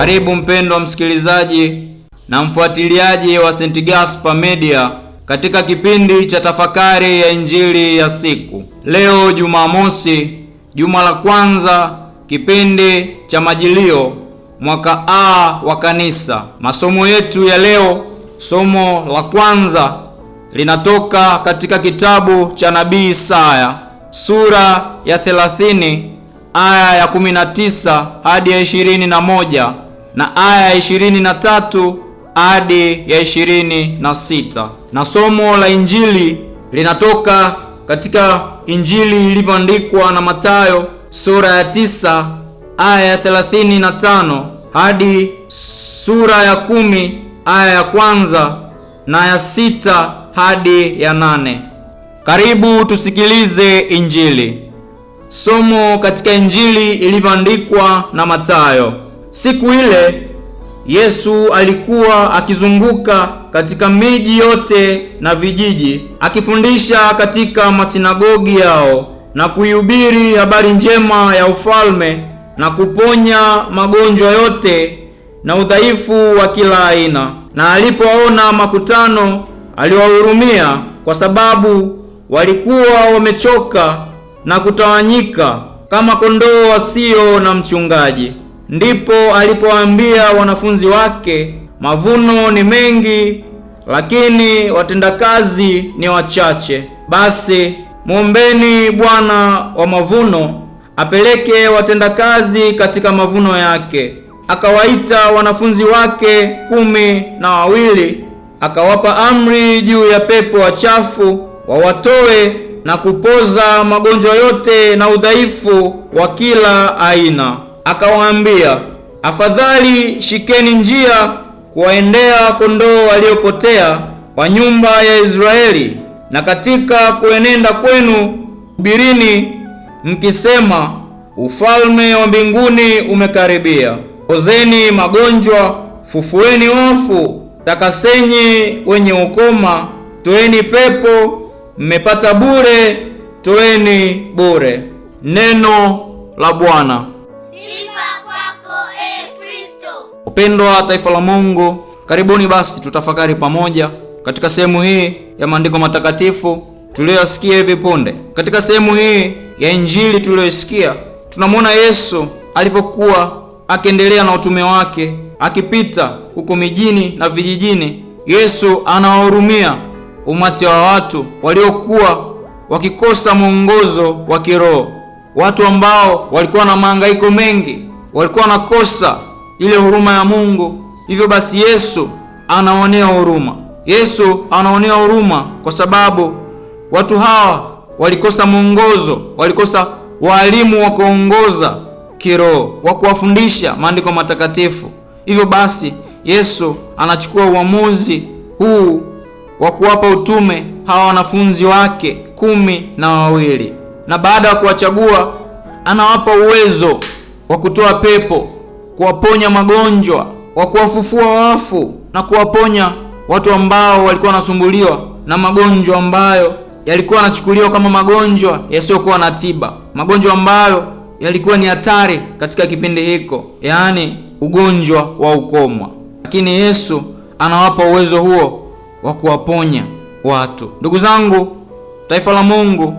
Karibu mpendwa msikilizaji na mfuatiliaji wa St. Gaspar Media katika kipindi cha tafakari ya injili ya siku. Leo Jumamosi, juma la kwanza, kipindi cha Majilio, mwaka A wa Kanisa. Masomo yetu ya leo, somo la kwanza linatoka katika kitabu cha nabii Isaya sura ya 30 aya ya 19 hadi ya 21 na aya ya ishirini na tatu hadi ya ishirini na sita na somo la Injili linatoka katika Injili ilivyoandikwa na Mathayo sura ya tisa aya ya thelathini na tano hadi sura ya kumi aya ya kwanza na ya sita hadi ya nane. Karibu tusikilize Injili. Somo katika Injili ilivyoandikwa na Mathayo. Siku ile Yesu alikuwa akizunguka katika miji yote na vijiji akifundisha katika masinagogi yao na kuihubiri habari njema ya ufalme na kuponya magonjwa yote na udhaifu wa kila aina. Na alipoona makutano, aliwahurumia kwa sababu walikuwa wamechoka na kutawanyika kama kondoo wasio na mchungaji ndipo alipoambia wanafunzi wake, mavuno ni mengi, lakini watendakazi ni wachache. Basi mwombeni Bwana wa mavuno apeleke watendakazi katika mavuno yake. Akawaita wanafunzi wake kumi na wawili akawapa amri juu ya pepo wachafu wawatoe na kupoza magonjwa yote na udhaifu wa kila aina akawaambia, afadhali shikeni njia kuwaendea kondoo waliopotea wa nyumba ya Israeli, na katika kuenenda kwenu hubirini mkisema, ufalme wa mbinguni umekaribia. Ozeni magonjwa, fufueni wafu, takasenyi wenye ukoma, toeni pepo, mmepata bure, toeni bure. Neno la Bwana. Wapendwa taifa la Mungu, karibuni basi tutafakari pamoja katika sehemu hii ya maandiko matakatifu tuliyoyasikia hivi punde. Katika sehemu hii ya injili tuliyoisikia, tunamwona Yesu alipokuwa akiendelea na utume wake, akipita huko mijini na vijijini. Yesu anawahurumia umati wa watu waliokuwa wakikosa mwongozo wa kiroho, watu ambao walikuwa na mahangaiko mengi, walikuwa wanakosa ile huruma ya Mungu. Hivyo basi, Yesu anaonea huruma, Yesu anaonea huruma kwa sababu watu hawa walikosa mwongozo, walikosa walimu wa kuongoza kiroho, wa kuwafundisha maandiko matakatifu. Hivyo basi, Yesu anachukua uamuzi huu wa kuwapa utume hawa wanafunzi wake kumi na wawili, na baada ya kuwachagua anawapa uwezo wa kutoa pepo kuwaponya magonjwa, wa kuwafufua wafu na kuwaponya watu ambao walikuwa wanasumbuliwa na magonjwa ambayo yalikuwa yanachukuliwa kama magonjwa yasiyokuwa na tiba, magonjwa ambayo yalikuwa ni hatari katika kipindi hiko, yaani ugonjwa wa ukomwa. Lakini Yesu anawapa uwezo huo wa kuwaponya watu. Ndugu zangu, taifa la Mungu,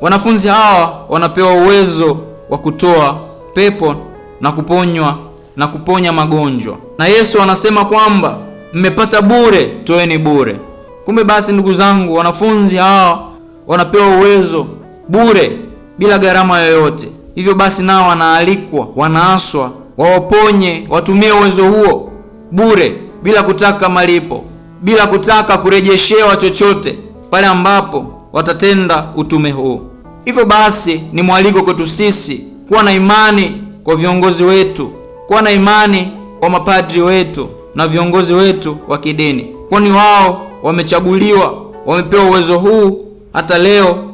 wanafunzi hawa wanapewa uwezo wa kutoa pepo na kuponywa na kuponya magonjwa. Na Yesu anasema kwamba mmepata bure, toeni bure. Kumbe basi, ndugu zangu, wanafunzi hawa wanapewa uwezo bure, bila gharama yoyote. Hivyo basi, nao wanaalikwa, wanaaswa wawaponye, watumie uwezo huo bure, bila kutaka malipo, bila kutaka kurejeshewa chochote pale ambapo watatenda utume huu. Hivyo basi, ni mwaliko kwetu sisi kuwa na imani kwa viongozi wetu kuwa na imani kwa mapadri wetu na viongozi wetu wa kidini, kwani wao wamechaguliwa, wamepewa uwezo huu. Hata leo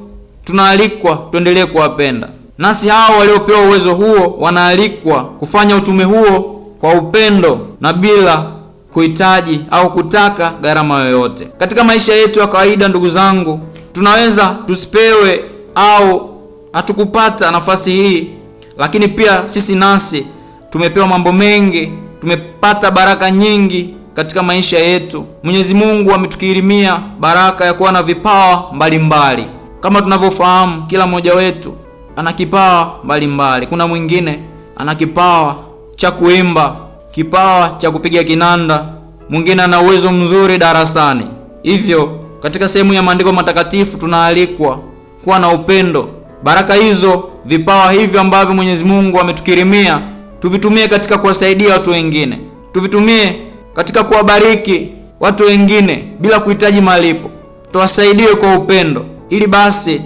tunaalikwa tuendelee kuwapenda, nasi hao waliopewa uwezo huo wanaalikwa kufanya utume huo kwa upendo na bila kuhitaji au kutaka gharama yoyote. Katika maisha yetu ya kawaida, ndugu zangu, tunaweza tusipewe au hatukupata nafasi hii, lakini pia sisi nasi tumepewa mambo mengi, tumepata baraka nyingi katika maisha yetu. Mwenyezi Mungu ametukirimia baraka ya kuwa na vipawa mbalimbali mbali. Kama tunavyofahamu kila mmoja wetu ana kipawa mbalimbali. Kuna mwingine ana kipawa cha kuimba, kipawa cha kupiga kinanda, mwingine ana uwezo mzuri darasani. Hivyo katika sehemu ya maandiko matakatifu tunaalikwa kuwa na upendo. Baraka hizo, vipawa hivyo ambavyo Mwenyezi Mungu ametukirimia tuvitumie katika kuwasaidia watu wengine, tuvitumie katika kuwabariki watu wengine bila kuhitaji malipo, tuwasaidie kwa upendo, ili basi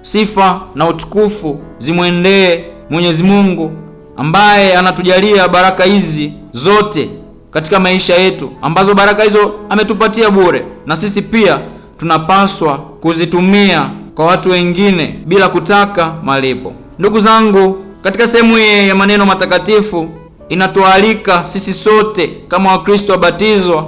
sifa na utukufu zimwendee Mwenyezi Mungu ambaye anatujalia baraka hizi zote katika maisha yetu, ambazo baraka hizo ametupatia bure, na sisi pia tunapaswa kuzitumia kwa watu wengine bila kutaka malipo. Ndugu zangu katika sehemu ya maneno matakatifu inatualika sisi sote kama Wakristo wabatizwa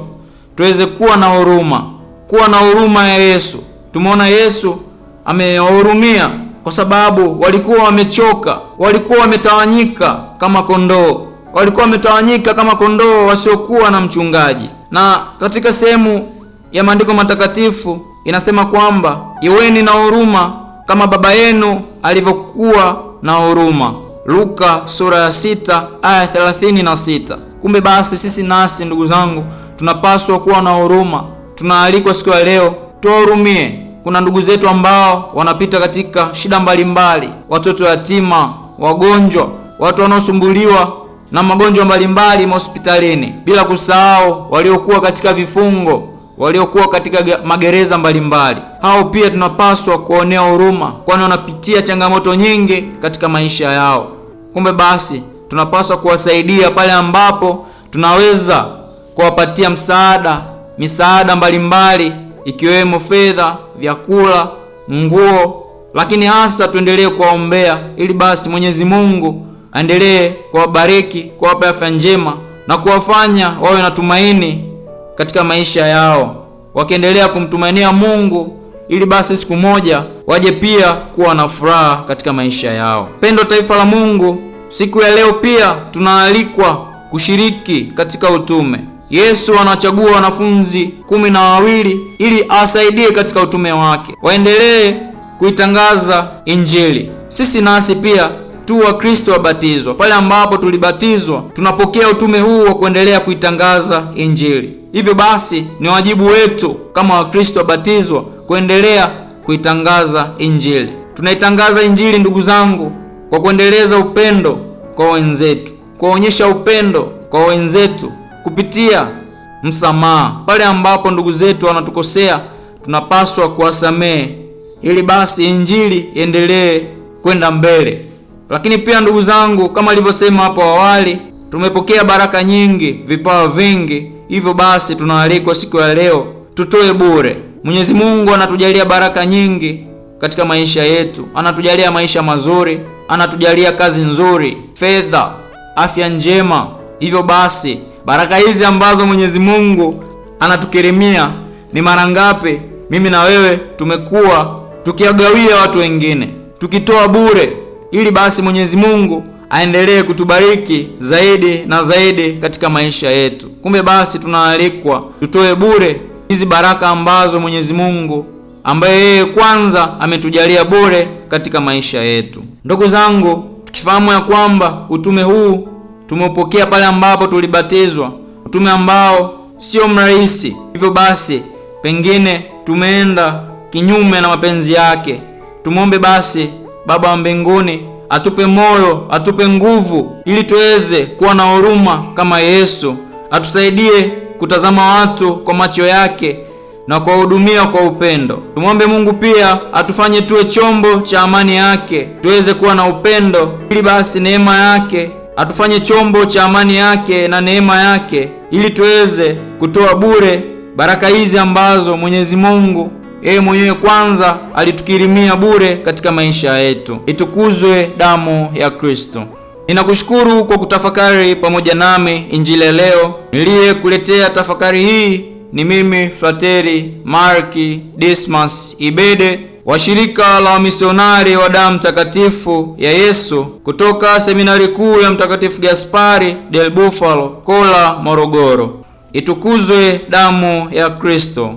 tuweze kuwa na huruma, kuwa na huruma ya Yesu. Tumeona Yesu amewahurumia kwa sababu walikuwa wamechoka, walikuwa wametawanyika kama kondoo, walikuwa wametawanyika kama kondoo wasiokuwa na mchungaji. Na katika sehemu ya maandiko matakatifu inasema kwamba iweni na huruma kama baba yenu alivyokuwa na huruma Luka sura ya sita aya thelathini na sita. Kumbe basi sisi nasi ndugu zangu tunapaswa kuwa na huruma. Tunaalikwa siku ya leo tuwahurumie. Kuna ndugu zetu ambao wanapita katika shida mbalimbali, watoto yatima, wagonjwa, watu wanaosumbuliwa na magonjwa mbalimbali mahospitalini, bila kusahau waliokuwa katika vifungo waliokuwa katika magereza mbalimbali. Hao pia tunapaswa kuonea huruma, kwani wanapitia changamoto nyingi katika maisha yao. Kumbe basi, tunapaswa kuwasaidia pale ambapo tunaweza kuwapatia msaada, misaada mbalimbali ikiwemo fedha, vyakula, nguo, lakini hasa tuendelee kuwaombea ili basi Mwenyezi Mungu aendelee kuwabariki, kuwapa afya njema na kuwafanya wawe na tumaini katika maisha yao, wakiendelea kumtumainia Mungu ili basi siku moja waje pia kuwa na furaha katika maisha yao. Pendo taifa la Mungu, siku ya leo pia tunaalikwa kushiriki katika utume. Yesu anachagua wanafunzi kumi na wawili ili awasaidie katika utume wake, waendelee kuitangaza Injili. Sisi nasi pia tu Wakristo wabatizwa. Pale ambapo tulibatizwa, tunapokea utume huu wa kuendelea kuitangaza Injili. Hivyo basi, ni wajibu wetu kama Wakristo wabatizwa kuendelea kuitangaza Injili. Tunaitangaza Injili, ndugu zangu, kwa kuendeleza upendo kwa wenzetu, kuwaonyesha upendo kwa wenzetu kupitia msamaha. Pale ambapo ndugu zetu wanatukosea, tunapaswa kuwasamehe ili basi Injili iendelee kwenda mbele. Lakini pia ndugu zangu, kama alivyosema hapo awali, tumepokea baraka nyingi, vipawa vingi. Hivyo basi tunaalikwa siku ya leo tutoe bure. Mwenyezi Mungu anatujalia baraka nyingi katika maisha yetu, anatujalia maisha mazuri, anatujalia kazi nzuri, fedha, afya njema. Hivyo basi baraka hizi ambazo Mwenyezi Mungu anatukirimia ni mara ngapi mimi na wewe tumekuwa tukiwagawia watu wengine, tukitoa bure ili basi Mwenyezi Mungu aendelee kutubariki zaidi na zaidi katika maisha yetu. Kumbe basi tunaalikwa tutoe bure hizi baraka ambazo Mwenyezi Mungu ambaye yeye kwanza ametujalia bure katika maisha yetu. Ndugu zangu, tukifahamu ya kwamba utume huu tumeupokea pale ambapo tulibatizwa, utume ambao sio mrahisi, hivyo basi pengine tumeenda kinyume na mapenzi yake. Tumwombe basi Baba wa mbinguni, atupe moyo, atupe nguvu, ili tuweze kuwa na huruma kama Yesu. Atusaidie kutazama watu kwa macho yake na kuwahudumia kwa upendo. Tumwombe Mungu pia atufanye tuwe chombo cha amani yake, tuweze kuwa na upendo, ili basi neema yake atufanye chombo cha amani yake na neema yake, ili tuweze kutoa bure baraka hizi ambazo Mwenyezi Mungu yeye mwenyewe kwanza alitukirimia bure katika maisha yetu. Itukuzwe damu ya Kristo. Ninakushukuru kwa kutafakari pamoja nami injili ya leo. Niliyekuletea tafakari hii ni mimi Frateri Marki Dismas Ibede wa shirika la wamisionari wa damu takatifu ya Yesu kutoka seminari kuu ya Mtakatifu Gaspari del Bufalo, Kola, Morogoro. Itukuzwe damu ya Kristo!